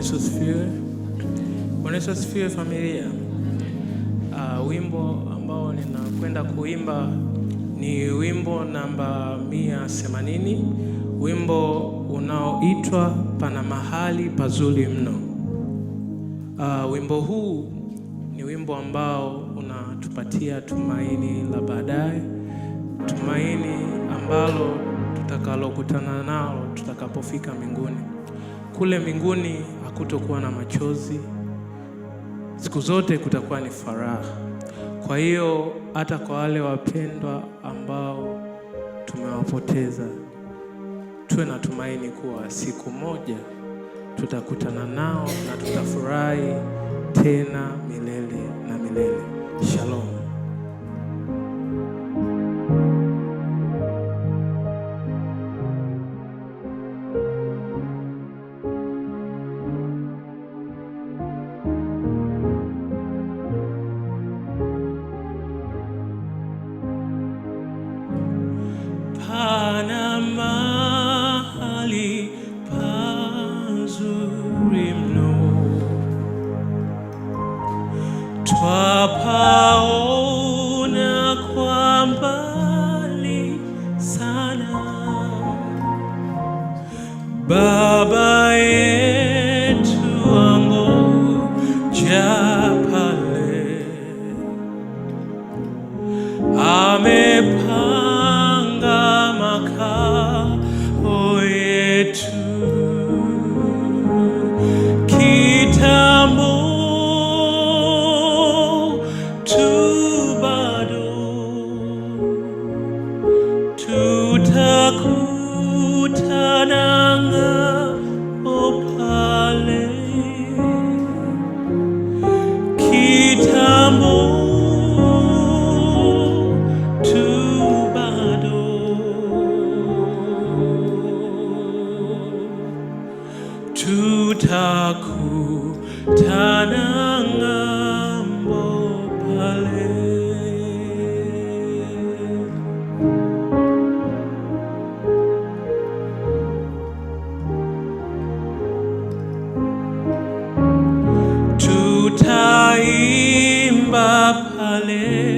Yesu asifiwe. Bwana Yesu asifiwe familia. Uh, wimbo ambao ninakwenda kuimba ni wimbo namba 180, wimbo unaoitwa Pana Mahali Pazuri Mno. Uh, wimbo huu ni wimbo ambao unatupatia tumaini la baadaye, tumaini ambalo tutakalokutana nalo tutakapofika mbinguni. Kule mbinguni kutokuwa na machozi, siku zote kutakuwa ni faraha. Kwa hiyo hata kwa wale wapendwa ambao tumewapoteza, tuwe na tumaini kuwa siku moja tutakutana nao na tutafurahi tena milele na milele. Nepal. Hallelujah.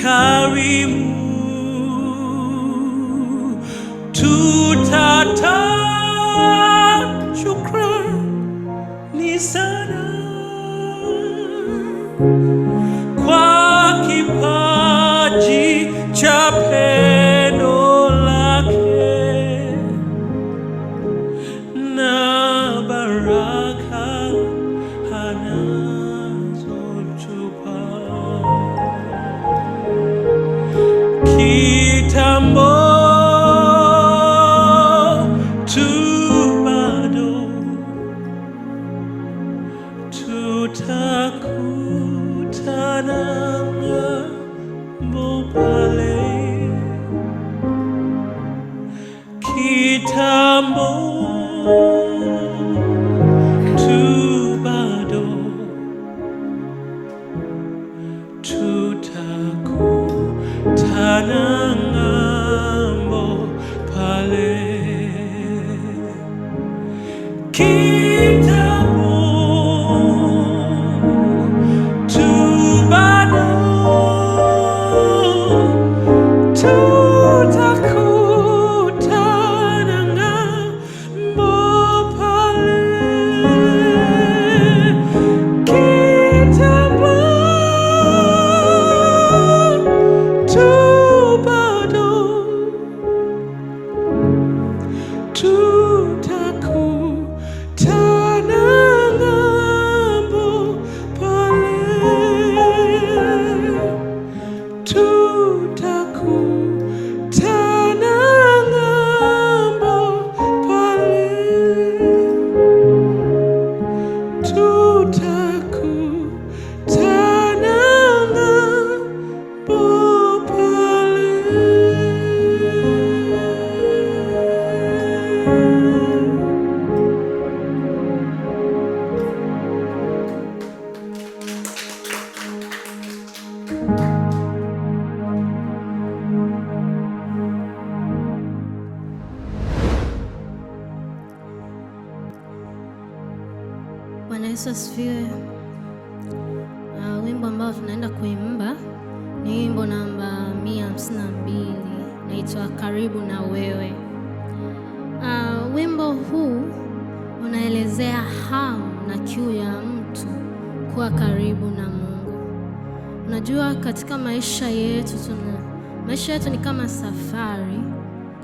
carry kitambo ambao tunaenda kuimba ni wimbo namba 152 naitwa Karibu na Wewe. Uh, wimbo huu unaelezea hamu na kiu ya mtu kuwa karibu na Mungu. Unajua, katika maisha yetu tuna maisha yetu ni kama safari,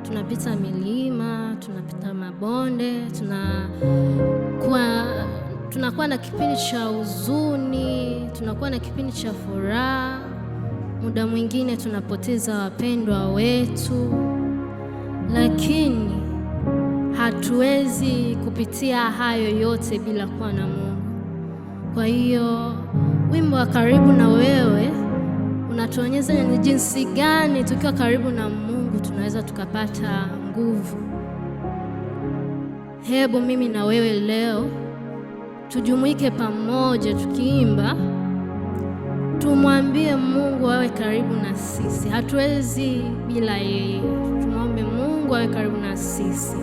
tunapita milima, tunapita mabonde, tunakuwa tunakuwa na kipindi cha huzuni, tunakuwa na kipindi cha furaha. Muda mwingine tunapoteza wapendwa wetu, lakini hatuwezi kupitia hayo yote bila kuwa na Mungu. Kwa hiyo wimbo wa karibu na wewe unatuonyesha ni jinsi gani tukiwa karibu na Mungu tunaweza tukapata nguvu. Hebu mimi na wewe leo tujumuike pamoja tukiimba, tumwambie Mungu awe karibu na sisi. Hatuwezi bila yeye, tumwombe Mungu awe karibu na sisi.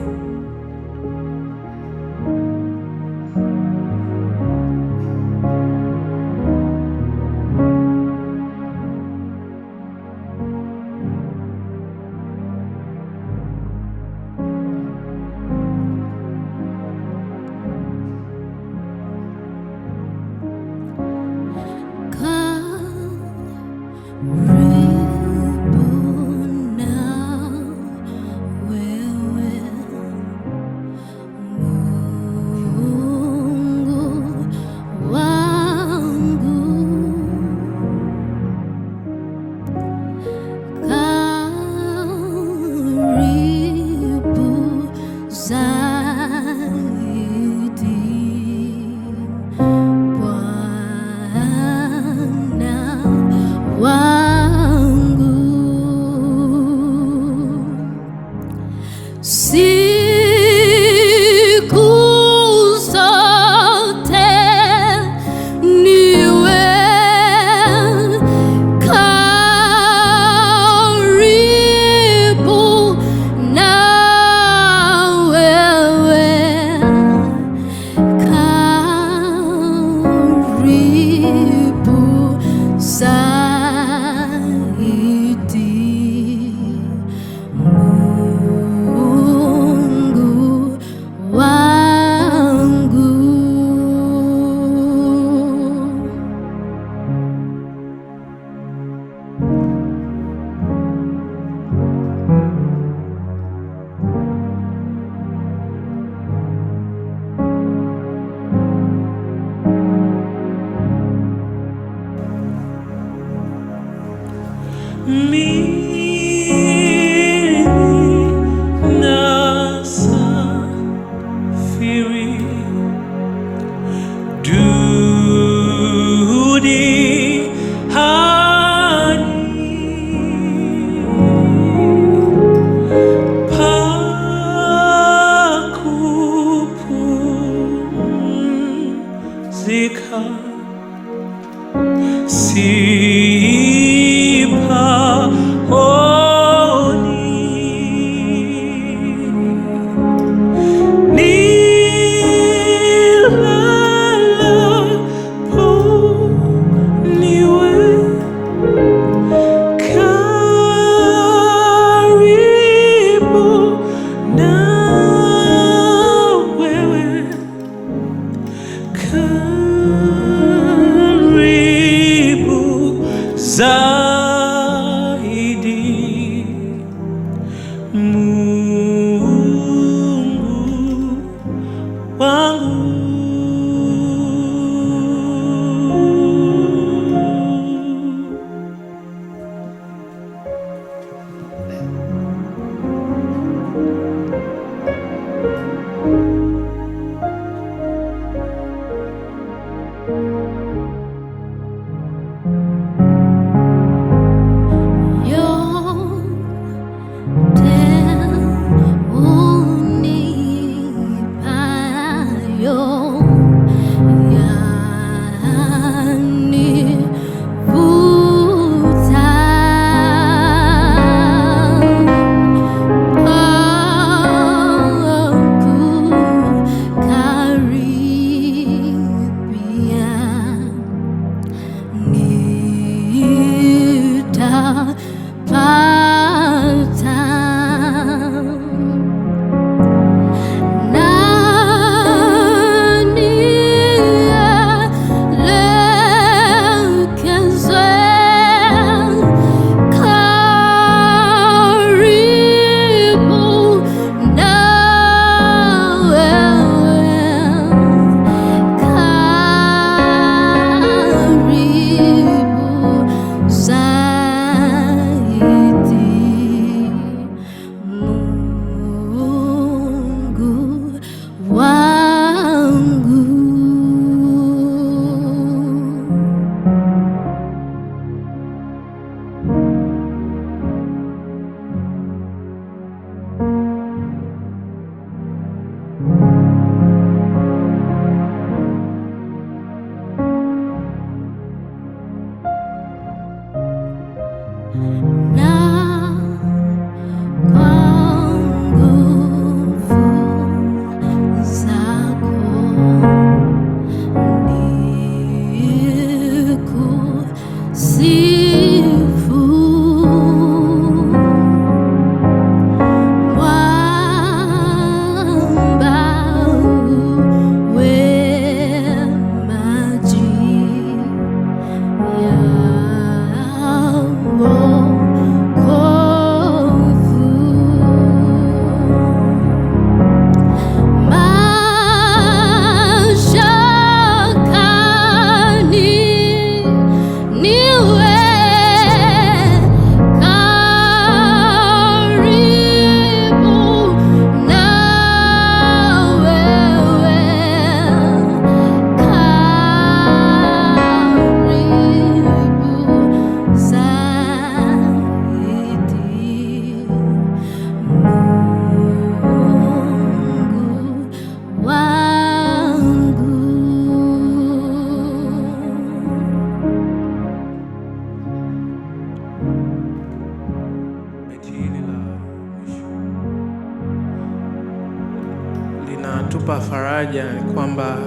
moja ni kwamba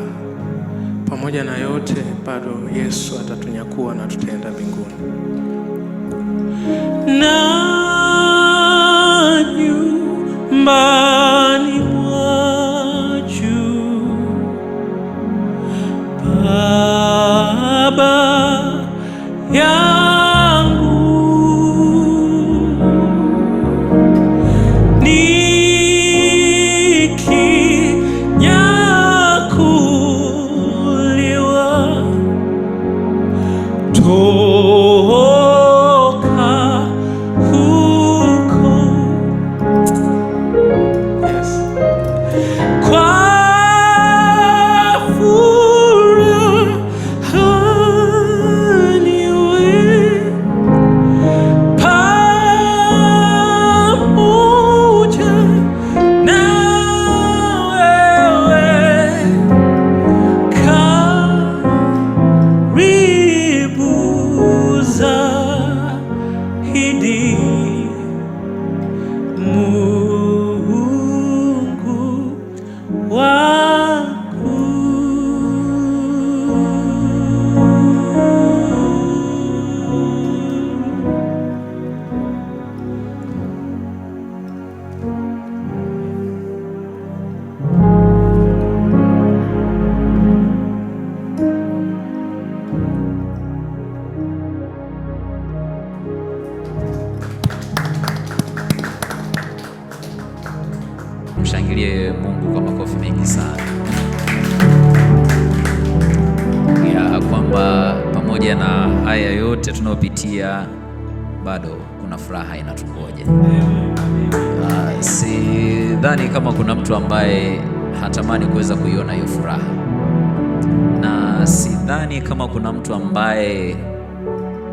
pamoja na yote bado Yesu atatunyakua na tutaenda mbinguni. Na nyumba mshangilie Mungu kwa makofi mengi sana ya kwamba pamoja na haya yote tunayopitia bado kuna furaha inatungoja. Ah, sidhani kama kuna mtu ambaye hatamani kuweza kuiona hiyo furaha, na sidhani kama kuna mtu ambaye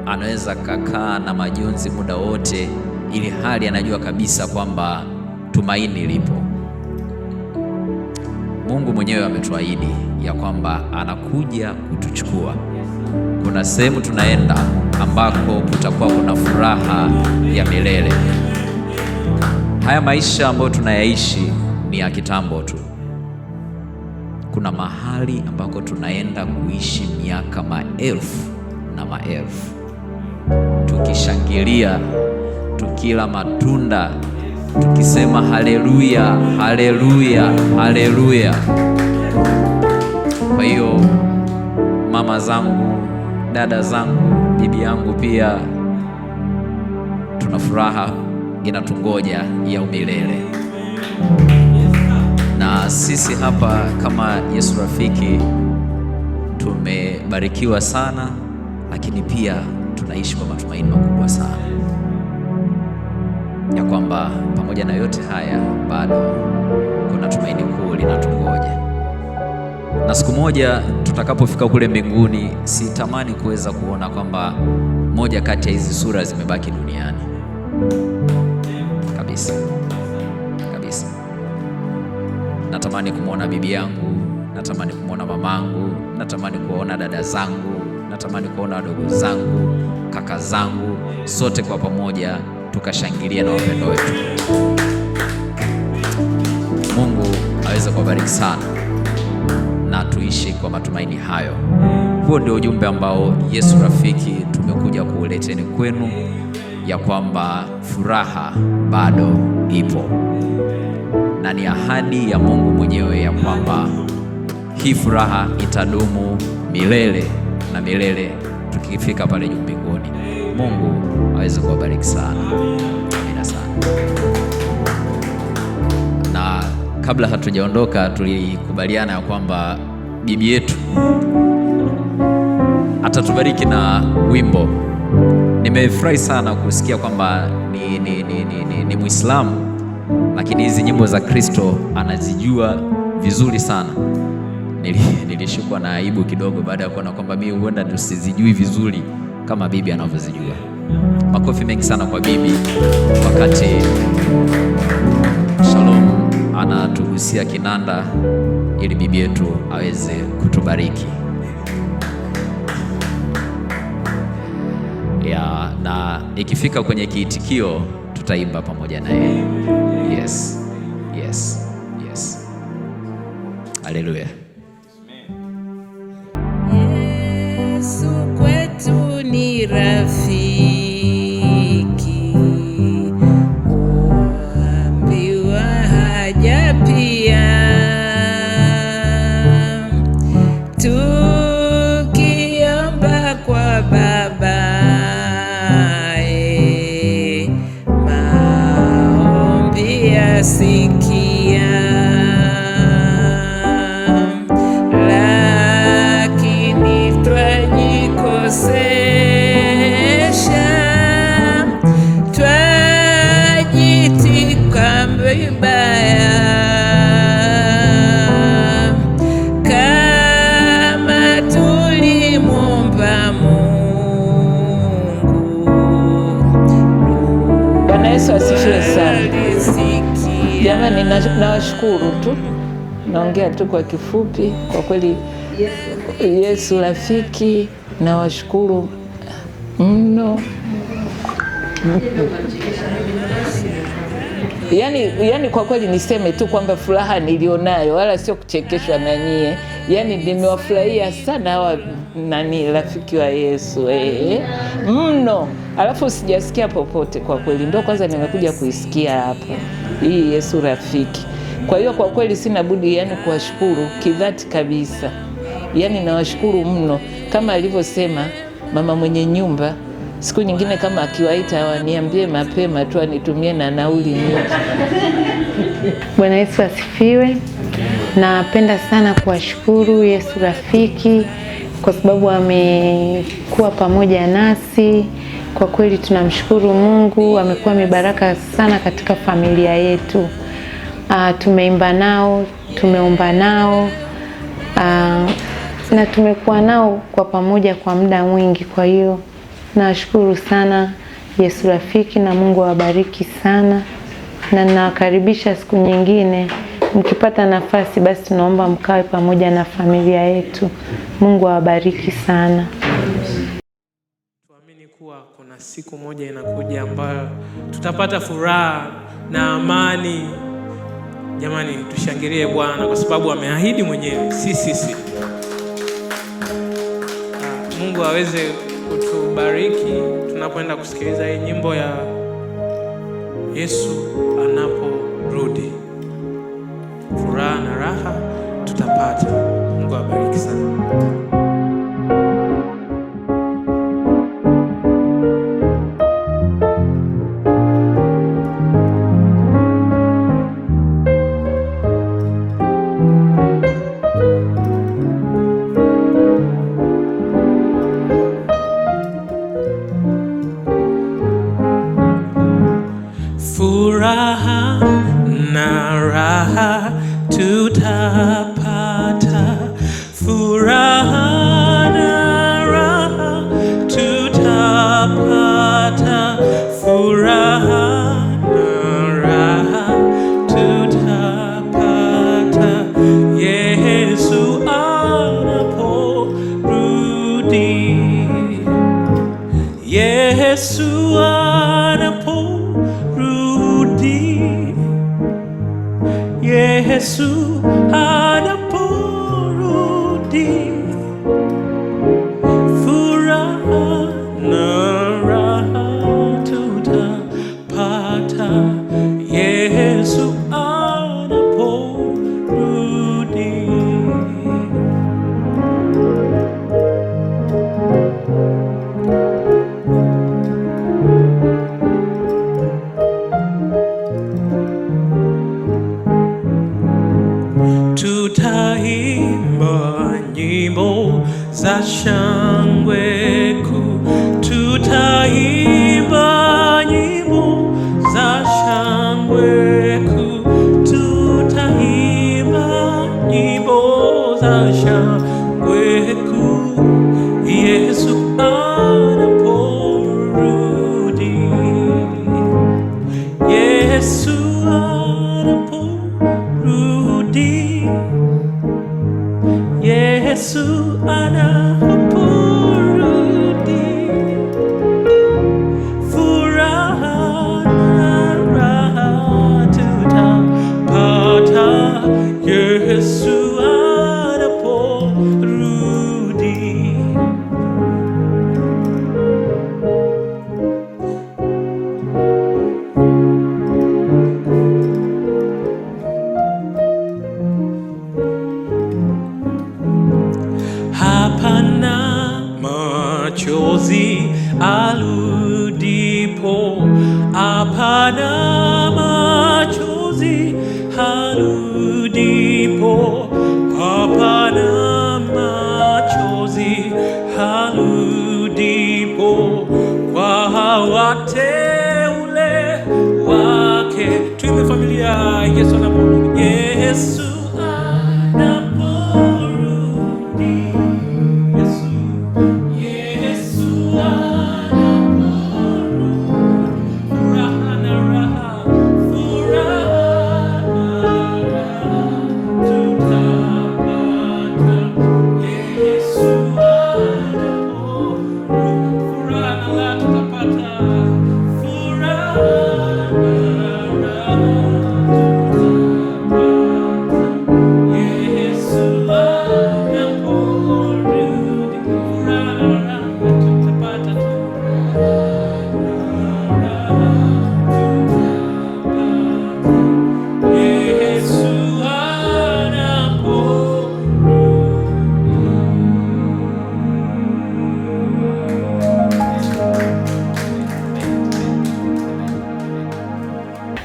anaweza kakaa na majonzi muda wote, ili hali anajua kabisa kwamba tumaini lipo. Mungu mwenyewe ametuahidi ya kwamba anakuja kutuchukua. Kuna sehemu tunaenda ambako kutakuwa kuna furaha ya milele. Haya maisha ambayo tunayaishi ni ya kitambo tu. Kuna mahali ambako tunaenda kuishi miaka maelfu na maelfu, tukishangilia, tukila matunda tukisema haleluya, haleluya, haleluya. Kwa hiyo mama zangu, dada zangu, bibi yangu pia tuna furaha inatungoja ya umilele. Na sisi hapa kama Yesu Rafiki tumebarikiwa sana, lakini pia tunaishi kwa matumaini makubwa sana ya kwamba pamoja na yote haya bado kuna tumaini kuu linatungoja, na siku moja tutakapofika kule mbinguni, sitamani kuweza kuona kwamba moja kati ya hizi sura zimebaki duniani kabisa kabisa. Natamani kumwona bibi yangu, natamani kumwona mamangu, natamani kuona dada zangu, natamani kuona wadogo zangu, kaka zangu, sote kwa pamoja tukashangilia na wapendo wetu. Mungu aweze kuwabariki sana na tuishi kwa matumaini hayo. Huo ndio ujumbe ambao Yesu Rafiki tumekuja kuuleteni kwenu, ya kwamba furaha bado ipo na ni ahadi ya Mungu mwenyewe ya kwamba hii furaha itadumu milele na milele tukifika pale juu mbinguni. Mungu aweze kuwa bariki sana, amina sana. Na kabla hatujaondoka, tulikubaliana ya kwamba bibi yetu atatubariki na wimbo. Nimefurahi sana kusikia kwamba ni, ni, ni, ni, ni, ni Mwislamu, lakini hizi nyimbo za Kristo anazijua vizuri sana. Nilishikwa na aibu kidogo baada ya kuona kwamba mimi huenda tusizijui vizuri kama bibi anavyozijua. Makofi mengi sana kwa bibi, wakati Shalom anatuhusia kinanda ili bibi yetu aweze kutubariki ya, na ikifika kwenye kiitikio tutaimba pamoja naye. Yes, yes, yes. Haleluya. Yesu kwetu ni rafiki. nashukuru tu, naongea tu kwa kifupi. Kwa kweli Yesu rafiki, nawashukuru mno yani, yani kwa kweli niseme tu kwamba furaha nilionayo wala sio kuchekeshwa na nyie, yani nimewafurahia sana hawa nani rafiki wa Yesu eh, mno. Alafu sijasikia popote kwa kweli, ndio kwanza nimekuja kuisikia hapo hii Yesu rafiki. Kwa hiyo kwa kweli sina budi yani kuwashukuru kidhati kabisa, yani nawashukuru mno, kama alivyosema mama mwenye nyumba siku nyingine kama akiwaita waniambie mapema tu anitumie na nauli nyingi. Bwana Yesu asifiwe. Napenda sana kuwashukuru Yesu Rafiki kwa sababu amekuwa pamoja nasi. Kwa kweli tunamshukuru Mungu, amekuwa mibaraka sana katika familia yetu uh, tumeimba nao, tumeomba nao uh, na tumekuwa nao kwa pamoja kwa muda mwingi. Kwa hiyo nashukuru sana Yesu Rafiki na Mungu awabariki sana, na nawakaribisha siku nyingine mkipata nafasi basi tunaomba mkawe pamoja na familia yetu. Mungu awabariki sana. Tuamini kuwa kuna siku moja inakuja ambayo tutapata furaha na amani. Jamani, tushangilie Bwana kwa sababu ameahidi mwenyewe, si sisi. Ah, Mungu aweze kutubariki tunapoenda kusikiliza hii nyimbo ya Yesu anaporudi. Furaha na raha tutapata.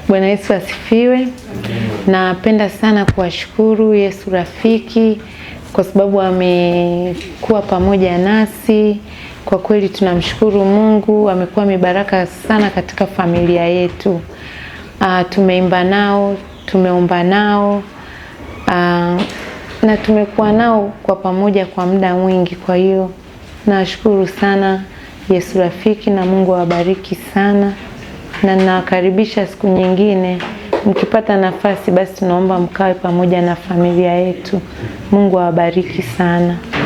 Bwana Yesu asifiwe. Napenda sana kuwashukuru Yesu rafiki kwa sababu amekuwa pamoja nasi. Kwa kweli tunamshukuru Mungu, amekuwa mibaraka sana katika familia yetu. Uh, tumeimba nao, tumeomba nao uh, na tumekuwa nao kwa pamoja kwa muda mwingi. Kwa hiyo nashukuru sana Yesu rafiki, na Mungu awabariki sana na nawakaribisha siku nyingine. Mkipata nafasi, basi tunaomba mkawe pamoja na familia yetu. Mungu awabariki sana.